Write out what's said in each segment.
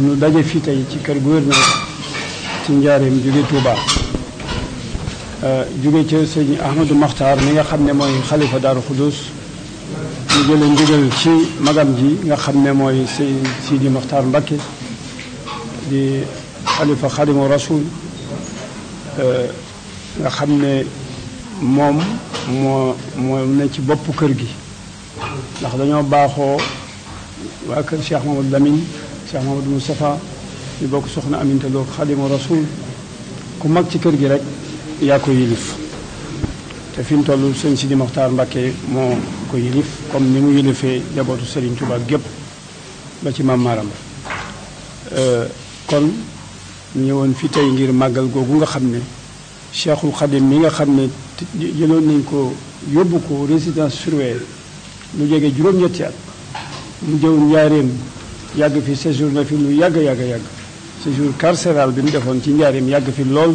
nu daje fii tey ci kër gouverneur ci njaareem jóge Touba euh, jóge ci sëñ Ahmadou Makhtar mi nga xam ne mooy xalifa Daaru Xudus ñu jëlee ndigal ci magam ji nga xam ne mooy sëñ Sidi maxtar Mbacké di xalifa Xadimu Rasul euh, nga xam ne moom moo moo ne ci bopp kër gi ndax dañoo baaxoo waa kër Cheikh Mamadou Lamine Cheikh Mamadou Moustapha ñu bokk soxna Aminta Lo Xadimu Rasul ku mag ci kër gi rek yaa ko yilif te fi mu toll sëñ Sidi Moxtaar Mbàkke moo ko yilif comme ni mu yilifee jabootu Sëriñ Tuubaa gépp ba ci maam Maaram euh, kon ñëwoon fi tey ngir màggal googu nga xam ni Cheikhul Xadim mi nga xam ne jëloon nañ ko yóbbu ko résidence surveillée lu jege juróom-ñetti at mu jëw njaareem yàgg fi séjour na fi lu yàgg yàgg yàgg séjour carcéral bi mu defoon ci njaarim yàgg fi lool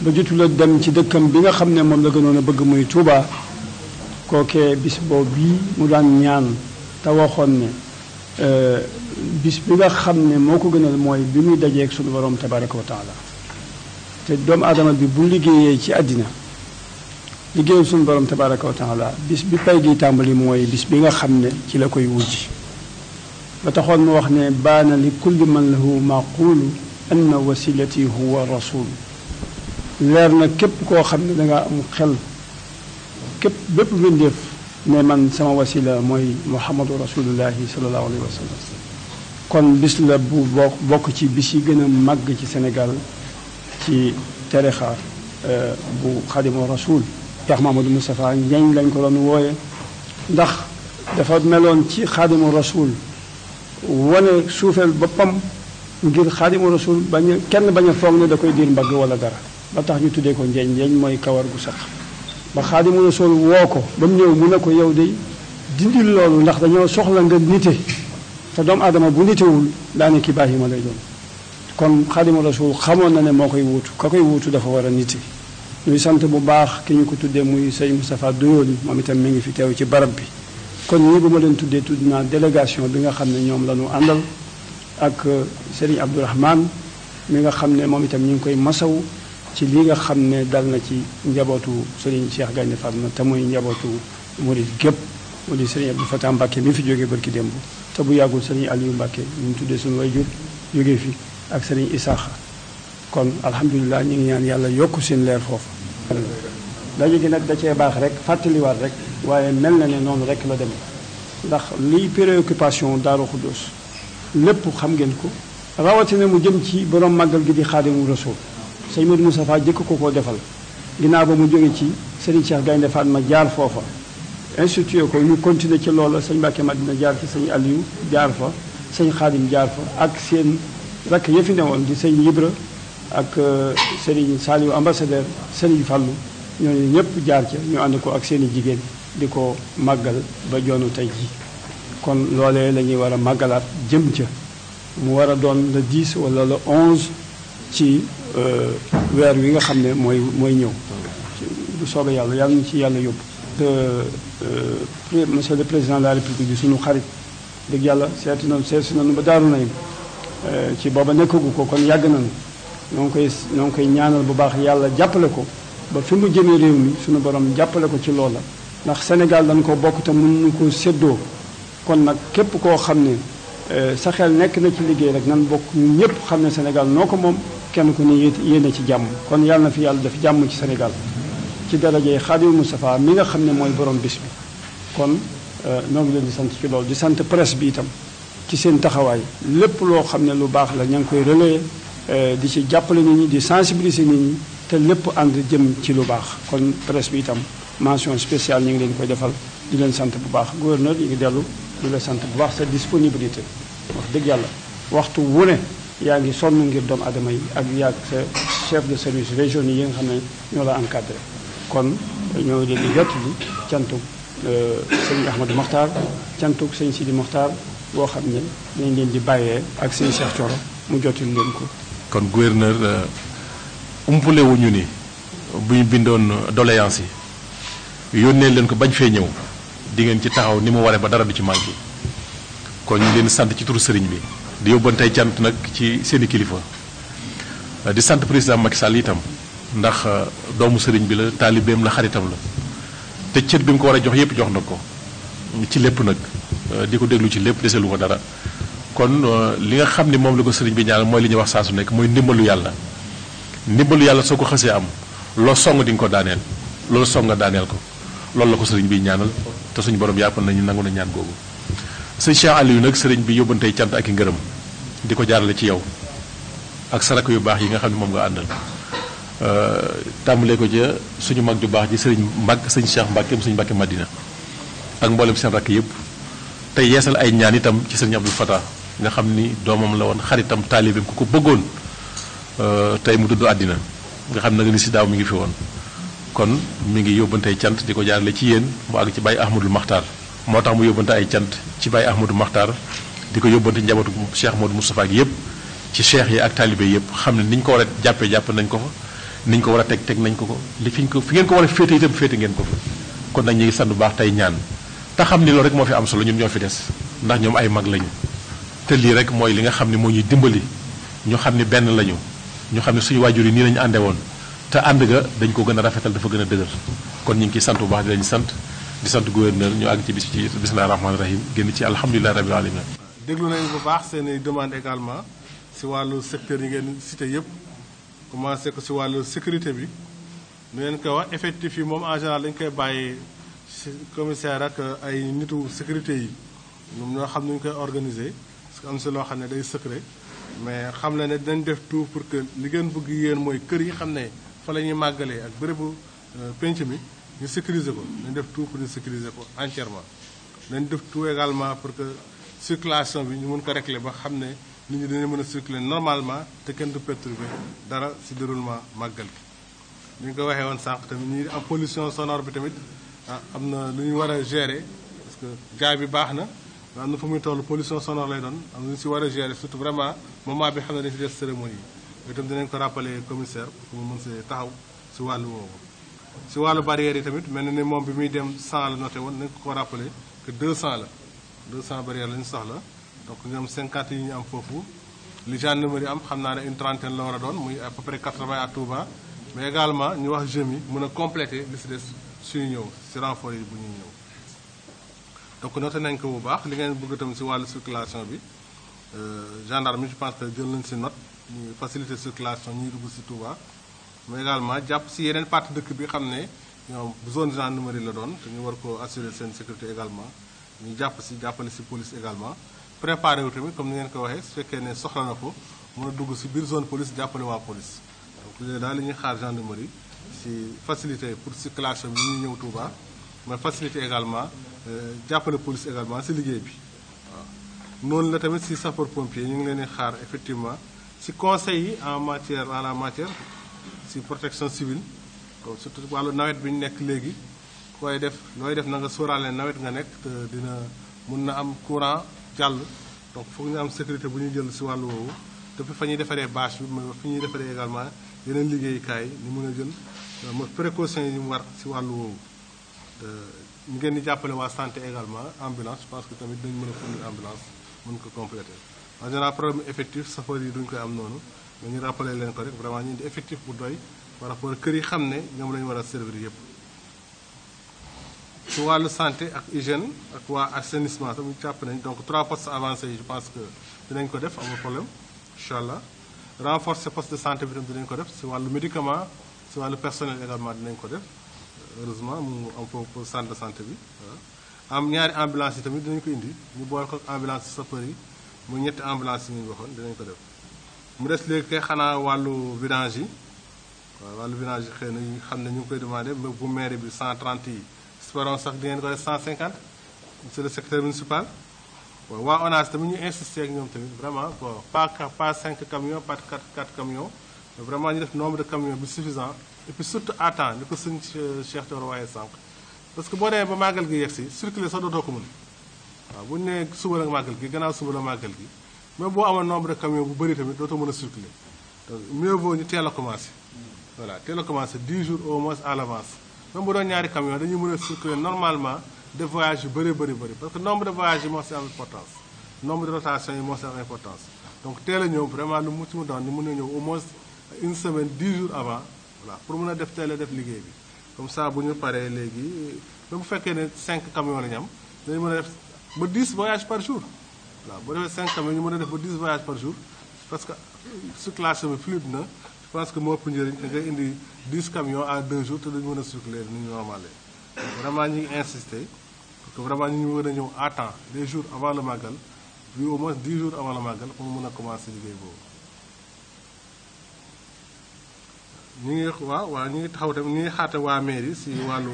ba jotul a dem ci dëkkam bi nga xam ne moom la gënoon a bëgg muy Touba kookee bis boobu bii mu daan ñaan te waxoon ne euh, bis bi nga xam ne moo ko gënal mooy bi muy dajeeg suñu borom tabaraka wa taala te doomu aadama bi bu liggéeyee ci àddina liggéeyal suñu borom tabaraka wa taala bis bi pay gi tàmbali mooy bis bi nga xam ne ci la koy wujj ba taxoon mu wax ne baana li kulli man lahu maqulu anna wasilati huwa rasul leer na képp koo xam ne dangaa am xel képp bépp mbindéef ne man sama wasila mooy muhammadu rasulullahi salallahu alayhi wa sallam kon bis la bu bokk ci bis yi gën a màgg ci senegal ci tarixa eh, bu xadimu rasul Cheikh Mahamadou Moustapha Ndiagne lañ ko loon wooye ndax dafa meloon ci xadimu rasul wane suufeel boppam ngir xaadimu rasul bañ kenn bañ a foog ne da koy diir mbagg wala dara ba tax ñu tuddee ko njeeñ njeeñ mooy kawar gu sax ba xaadimu rasul woo ko ba mu ñëw mu ne ko yow de dindil loolu ndax dañoo soxla nga nite te doomu aadama bu nitewul daane ki bàyyi ma lay doon kon xaadimu rasul xamoon na ne moo koy wuutu ka koy wuutu dafa war a nite ñuy sant bu baax ki ñu ko tuddee muy sëñ Moustapha Doyoon moom itam mi ngi fi teew ci barab bi kon ñi duma leen tuddee tudd naa délégation bi nga xam ne ñoom la ñu àndal ak Serigne Abdourahmane mi nga xam ne moom itam ñu ngi koy masaw ci li nga xam ne dal na ci njabootu Serigne Cheikh Gagné Fadna te muy njabootu murid gépp mu di Serigne Abdou Fatah Mbacké mi fi jógee barki démb te bu yàggul Serigne Aliou Mbacké ñu tuddee suñu wayjur jógee fi ak Serigne Isaaxa kon alhamdulilah ñu ngi ñaan yàlla yokk seen leer foofu dañu gi nag da cee baax rek fàttaliwaat rek waaye mel na ne noonu rek la demee ndax liy préoccupation Daaru Xuddoos lépp xam ngeen ko rawatina mu jëm ci borom màggal gi di Xaadimu Rasuul sëñ Modou Moustapha jëkk ko koo defal ginnaaw ba mu jóge ci Serigne Cheikh Gaynde Fatma jaar foofa institué ko ñu continuer ci loola sëñ Mbàkke dina jaar ci sëñ Aliou jaar fa sëñ Xaadim jaar fa ak seen rakk ya fi newoon di sëñ Ibra ak euh, Serigne Saliou ambassadeur Serigne Fallou ñooñu ñëpp jaar ca ñu ànd ko ak seen i jigéen di ko màggal ba joonu tey ji kon loolee la ñuy war a màggalaat jëm ca mu war a doon la 10 wala le 11 ci euh, weer wi nga xam ne mooy mooy ñëw bu soobee yàlla yàlla ñu ci yàlla yóbbu te euh, monsieur le président de la république bi suñu xarit dëgg yàlla seeti nañu seeti nañu ba daaru nañu euh, ci booba nekkagu ko kon yàgg nañu ñoo ngi koy ñoo koy ñaanal bu baax yàlla jàppale ko ba fi mu jëmee réew mi suñu borom jàppale ko ci loola ndax Sénégal dañ ko bokk te mën ñu ko séddoo kon nag képp koo xam ne euh, sa xel nekk na ci liggéey rek nan bokk ñun ñëpp xam ne Sénégal noo ko moom kenn ku ne yéene ci jàmm kon yàlla na fi yàlla def jàmm ci Sénégal ci darajey Xaadimu Mustafaa mi nga xam ne mooy borom bis bi kon euh, noo ngi leen di sant ci loolu di sant presse bi itam ci seen taxawaay lépp loo xam ne lu baax la ña ngi koy relayer euh, di ci jàppale nit ñi di sensibiliser nit ñi te lépp ànd jëm ci lu baax kon presse bi itam mention spéciale ñu ngi leen koy defal di leen sant bu baax gouverneur ñu ngi dellu di la sant bu baax sa disponibilité wax dëgg yàlla waxtu wu ne yaa ngi sonn ngir doomu adama yi ak yaa sa chef de service région yi nga xam ne ñoo la encadré kon ñoo leen di jot di cantug euh, sëñ Ahmadou Mokhtar cantug sëñ Sidi Mokhtar boo xam ne dañ leen di bàyyee ak sëñ mu jotul leen ko. kon gouverneur euh, umpule wuñu ni bu bindoon doléance yi. yónnee leen ko bañ fee ñëw dingeen ci taxaw ni mu waree ba dara du ci manqué kon ñu leen sant ci turu sëriñ bi di yóbbantey cant nag ci seen i kilifa di sant président Macky Sall itam ndax euh, doomu sëriñ bi la taalibeem la xaritam la te cër bi mu ko war a jox yépp jox na ko ci lépp nag euh, di ko déglu ci lépp deselu ko dara kon euh, li nga xam ni moom la ko sëriñ bi ñaanal mooy li ñuy wax saa su nekk mooy ndimbalu yàlla ndimbalu yàlla soo ko xësee am loo song di ko daaneel loolu song nga daaneel ko loolu la ko sëriñ bi ñaanal te suñu borom yàpp nañu nangu na ñaan googu sëñ Cheikh Aliou nag sëriñ bi yóbbantey cant ak i ngërëm di ko jaarale ci yow ak sarak yu baax yi nga xam ne moom nga àndal euh, tàmbalee ko ja suñu mag ju baax ji sëriñ Mbàkke sëñ Cheikh Mbàkke sëñ Mbàkke Madina ak mboolem seen rakk yëpp te yeesal ay ñaan itam ci sëriñ Abdou Fatah nga xam ni doomam la woon xaritam taalibeem ku ko bëggoon euh, tey mu dudd àddina nga xam na nga mi ngi fi woon kon mu ngi yóbbante ay cant di ko jaarale ci yéen mu àgg ci Baye Ahmadul Maxtaar moo tax mu yóbbante ay cant ci Baye Ahmadul Maxtaar di ko yóbbante njabootu Cheikh Modou Moustapha gi yëpp ci cheikh yi ak taalibe yëpp xam ne ni ñu ko war a jàppee jàpp nañ ko fa ni ñu ko war a teg teg nañ ko ko li fi ñu ko fi ngeen ko war a féete itam féete ngeen ko fa kon nag ñu ngi sant baax tey ñaan te xam ni loolu rek moo fi am solo ñun ñoo fi des ndax ñoom ay mag lañu te lii rek mooy li nga xam ne moo ñuy dimbali ñu xam ne benn lañu ñu xam ne suñu waajur yi nii lañu ànde woon te ànd ga dañ ko gën a rafetal dafa gën a dëgër kon ñu ngi sant bu baax di sant di sant gouverneur ñu àgg ci bis ci bisimilah rahim génn ci alhamdulilah rabil alamin déglu nañu bu baax seen i demande également si wàllu secteur yi ngeen cité yëpp commencé ko si wàllu sécurité bi nu ngeen koy wax effectif yi moom agent général dañu koy bàyyi commissaire ak ay nitu sécurité yi moom ñoo xam nu ñu koy organiser parce que am si loo xam ne day secret mais xam na ne dañ def tout pour que li ngeen bëgg yéen mooy kër yi xam ne fa la ñuy màggalee ak bërëbu euh, penc mi ñu sécuriser ko nañ def tout pour ñu sécuriser ko entièrement nañ def tout également pour que circulation bi ñu mën ko régler ba xam ne nit ñi dañu mën a circuler normalement te kenn du perturber dara ci déroulement màggal gi ni ñu ko waxee woon sànq tamit ñi am pollution sonore bi tamit ah am na lu ñu war a gérer parce que jaay bi baax na am na fu muy toll pollution sonore lay doon am na lu ñu ci war a gérer surtout vraiment bi xam ne dañu fi yi itam dinañ ko rappelé commissaire pour mu mën see taxaw si wàllu woowu. si wàllu barrière yi tamit mel na ni moom bi muy dem 100 la noté woon nañ ko rappelé que 200 la 200 barrière la ñu soxla donc am 50 yi ñu am foofu. li gendarmerie am xam naa ne une trentaine la war a doon muy à peu près 80 à Touba mais également ñu wax jeunes yi mën a compléter li si des suy ñëw si renfort yi bu ñuy ñëw donc noté nañ ko bu baax li ngeen bëgg itam si wàllu circulation bi. Euh, gendarme yi je pense que jël nañ si note ñu faciliter circulation ñuy dugg si Touba mais également jàpp si yeneen partie de bi xam ne ñoom zone gendarmerie la donne, te ñu ko assurer seen sécurité également ñu jàpp si jàppale si police également Préparer wu comme ni ngeen ko Ce qui est ne soxla na ko mën a dugg si zone police jàppale waa police donc nous daal li ñuy xaar gendarmerie si faciliter pour circulation bi ñuy ñëw Touba mais faciliter également euh, la police également si liggéey bi noonu la tamit si sapeur pompier ñu ngi leen di xaar effectivement si conseil yi en matière en la matière si protection civile comme surtout wàllu nawet bi ñu nekk léegi koy def looy def nanga nga sóoraale nawet nga nekk te dina mun na am courant jàll donc foog ñu am sécurité bu ñu jël si wàllu woowu depuis fa ñuy defaree bâche bi fi ñuy defaree également yeneen liggéeyukaay ñu mën a jël euh, ma précaution yi mu war si wàllu woowu euh, ñu ngeen di jàppale waa santé également ambulance que tamit dañu mën a fournir ambulance mun ko complété en général problème effectif safar yi duñ koy am noonu mais ñu rappelé leen ko rek vraiment ñu di effectif bu doy par rapport kër yi xam ne ñoom lañu war a servir yëpp su wàllu santé ak hygiène ak waa assainissement sax mu jàpp nañ donc trois postes avancés yi je pense que dinañ ko def amul problème incha allah renforcer poste de santé bi tam dinañ ko def si wàllu médicament si wàllu personnel également dinañ ko def heureusement mu am foofu centre bi am ñaari ambulance yi tamit dinañ ko indi ñu boole ko ambulance sapeur yi mu ñetti ambulance yi ñu waxoon dinañ ko def mu des léegi kay xanaa wàllu vidange yi waaw wàllu vidange yi xëy na ñu xam ne ñu ngi koy demandé bu maire bi 130 yi espérons sax di ngeen ko def 150 monsieur le secteur municipal waaw waa ONAS tamit ñu insister ak ñoom tamit vraiment bon pas pas 5 camions pas 4 4 camions vraiment ñu def nombre de camions bi suffisant et puis surtout à temps ni ko sëñ Cheikh Thior waxee sànq parce que boo demee ba màggal gi yegg si circuler sax dootoo ko mën waaw bu ne nee suba la màggal gi gannaaw suba la màggal gi même boo amoon nombre de camion bu bëri tamit dootoo mën a circuler donc mieux vaut ñu teel a commencé. voilà teel a commencé 10 jours au moins à l' avance même bu doon ñaari camion dañuy mën a circuler normalement de voyage yu bëri bëri bëri parce que nombre de voyages yi moo si am importance nombre de rotation yi moo si am importance donc teel a ñëw vraiment lu mu mu doon a ñëw au moins une semaine 10 jours avant voilà pour mën a def teel a def liggéey bi comme ça bu ñu paree léegi même bu fekkee ne 5 camions la ñu am dañu mën a def ba 10 voyages par jour On boo defee 5 camions ñu mën a def 10 voyages par jour parce que circulation bi fluide na je pense que moo pour njëriñ da ngay indi 10 camions en 2 jours te dañu mën a circuler ni ñu normal vraiment ñu ngi insister parce que vraiment ñu on a ñëw à des jours avant le magal bi au moins 10 jours avant le magal on mën a commencer liggéey boobu. ñu ngi waaw waaw ñu ngi taxaw tamit ñu ngi xaata waa mairie si wàllu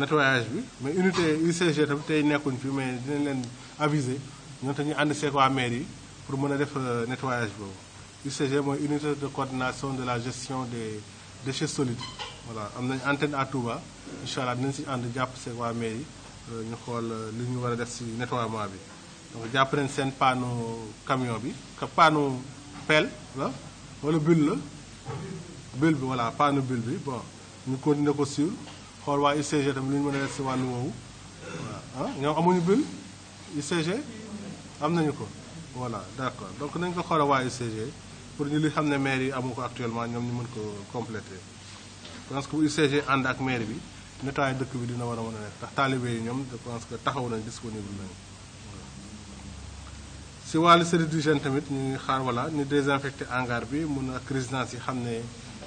nettoyage bi mais unité UCG tam tey nekkuñ fi mais dinañ leen aviser ñoom te ñu ànd seeg waa mairie yi pour mën a def euh, nettoyage boobu UCG mooy unité de coordination de la gestion des déchets solides voilà am nañ antenne à Touba incha allah dinañ si ànd jàpp seeg waa mairie yi euh, ñu xool euh, li ñu war a def si nettoiement bi donc jàpp nañ seen panneau camion bi que panneau pelle la wala bulle la bulle bi voilà panne bulle bi bon ñu continuer ko suivre xool waa UCG tamit lu ñu mën a def si wàllu woowu waa ah ñoom amuñu bulle UCG am nañu ko voilà d'accord donc nañu ko xoolal waa UCG pour ñu li xam ne maire yi amu ko actuellement ñoom ñu mën ko compléter je pense que bu UCG ànd ak maire bi nettoyer dëkk bi dina war a mën a nekk ndax taalibe yi ñoom je pense que taxaw nañ disponible nañu si wàllu service d'hygiène tamit ñu ngi xaar voilà ñu désinfecté hangar bi mun ak résidence yi xam ne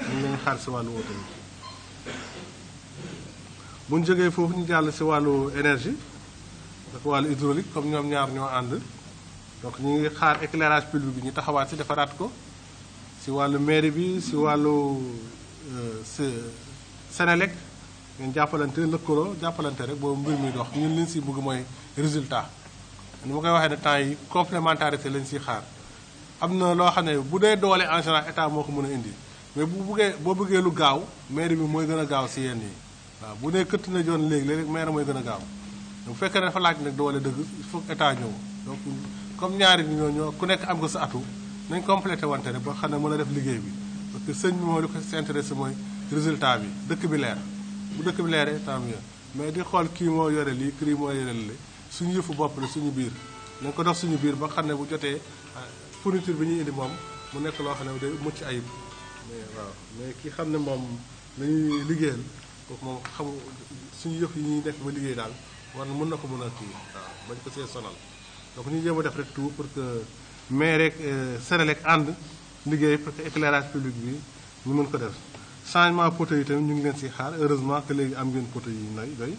ñu ngi xaar si wàllu woote bi bu ñu jógee foofu ñu jàll si wàllu énergie ak wàllu hydraulique comme ñoom ñaar ñoo ànd donc ñu ngi xaar éclairage public bi ñu taxawaat si defaraat ko si wàllu mairie bi si wàllu euh, Sénélec ngeen jàppalante lëkkaloo jàppalante rek boobu mbir muy dox ñu liñ si bëgg mooy résultat ni ma koy waxee ne temps yi complémentarité lañ siy xaar am na loo xam ne bu dee doolee en général état moo ko mën a indi. mais bu bëggee boo bëggee lu gaaw maire bi mooy gën a gaaw si yenn yi waaw bu nee këtt na joon léegi léeg maire mooy gën a gaaw bu fekkee ne dafa laaj nag doole dëgg il faut état ñëw comme ñaari bi ñoo ñoo ku nekk am ko sa atu nañ complété wante ne ba xam ne mën a def liggéey bi parce que sëñ bi moom ko intéressé mooy résultat bi dëkk bi leer bu dëkk bi leeree tant mieux mais di xool kii moo yore lii kii moo yore lii suñu yëfu bopp la suñu biir nañ ko dox suñu biir ba xam ne bu jotee euh, fourniture bi ñuy indi moom mu nekk loo xam ne day mucc ayib mais waaw mais ki xam ne moom lañuy liggéeyal kooku moom xam suñu yëf yi ñuy nekk ma liggéey daal war na mën na ko mën a kii waaw bañ ko see sonal donc ñu jéem a def rek tout pour que maire rek euh, Senelec ànd liggéey pour que éclairage public bi ñu mën ko def changement poteau yi tamit ñu ngi leen si xaar heureusement que léegi am ngeen poteau yi nay doy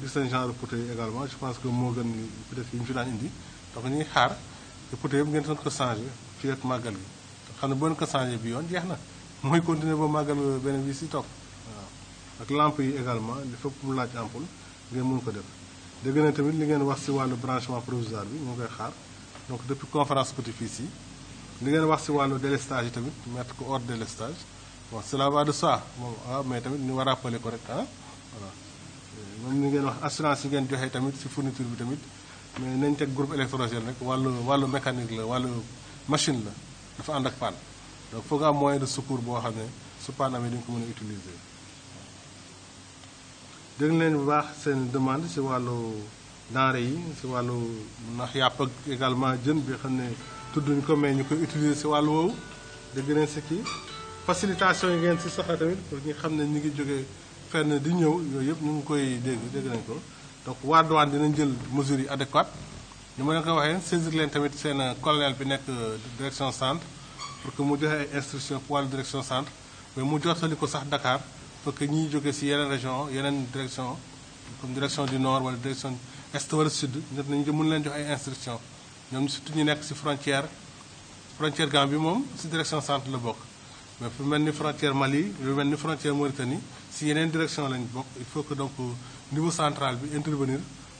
gis nañ genre poteau yi également je pense que moo gën peut-être yi ñu fi daan indi donc ñu ngi xaar te poteau yëpp ngeen doon ko changé fii ak màggal gi xam ne boo ko changé bi yoon jeex na mooy continuer ba màggal beneen bi si toog waaw ak lampe yi également li fépp mu laaj ampoule ngeen mun ko def dégg na tamit li ngeen wax si wàllu branchement provisoire bi moo koy xaar donc depuis conférence petit yi li ngeen wax si wàllu délestage yi tamit mettre ko hors délestage bon cela de soi moom ah mais tamit ñu war a ko rek ah voilà moom li ngeen wax assurance yi ngeen joxe tamit si fourniture bi tamit mais nañ teg groupe électrogène rek wàllu wàllu mécanique la wàllu machine la dafa ànd ak panne donc foog nga am moyen de secours boo xam ne su panne amee di nga ko mën a utiliser. dégg leen bu baax seen demande si wàllu denrée yi si wàllu ndax yàpp ak également jën bi xam ne tudduñ ko mais ñu koy utiliser si wàllu woowu dégg leen si kii facilitation yi ngeen si soxla tamit pour ñi xam ne ñu ngi jógee fenn di ñëw yooyu yëpp ñu ngi koy dégg dégg nañ ko donc waa douane dinañ jël mesures yi adéquates nous ma leen ko saisir tamit euh, colonel euh, direction centre pour que nous ayons instruction pour la direction centre mais mu jottali ko sax Dakar pour que nous ayons une région une direction comme direction du nord ou direction est ouest sud nous devons mën leen jox ay instruction nous surtout ñu nekk frontières frontière frontière Gambie c'est la direction centre le Bok. mais pour mener frontière Mali pour mel frontière Mauritanie si y direction une direction, il faut que donc euh, niveau central bi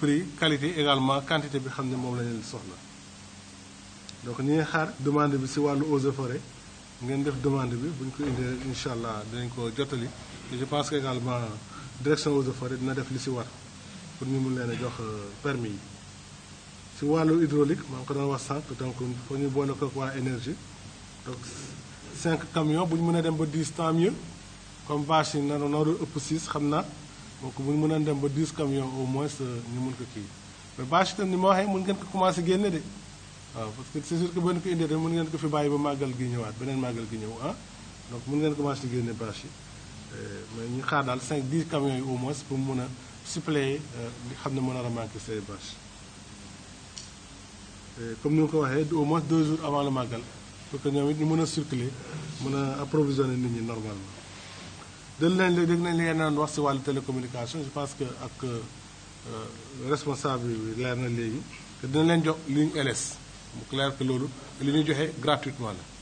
prix qualité également quantité bi xam ne moom la leen soxla donc ñu ngi xaar demande bi si wàllu eaux de forêt ngeen def demande bi buñ ko indee incha allah dinañ ko jottali je pense que également direction eaux de forêt dina def li si war pour ñu mun leen a jox euh, permis yi si wàllu hydraulique maa ngi ko doon wax sànq donc foo ñu boole ko waa énergie donc cinq camions buñ ñu mën a dem ba 10 tant mieux comme vache yi naru naru ëpp six xam na kooku bu ñu mënoon dem ba 10 camions au moins euh, ñu mun ko kii mais bâche itam ni ma waxee mun ngeen ko commencé génne de waaw parce que c'est sûr que boo ko indee mun ngeen ko fi bàyyi ba màggal gi ñëwaat beneen màggal gi ñëw ah donc mun ngeen commencé génne bâche yi euh, mais ñu xaar daal 5 10 au moins pour mun a suppléer euh, li xam ne mën a remarqué say bâche comme ni mu ko waxee au moins 2 jours avant le màggal pour que ñoom it ñu mun a circuler mën a approvisionner nit ñi normalement dañ leen léeg dégg nañ leen naan wax si wàllu télécommunication je pense que ak euh, responsable bi leer na léegi te dina leen jox ligne LS mu clair que loolu li ñuy joxe gratuitement la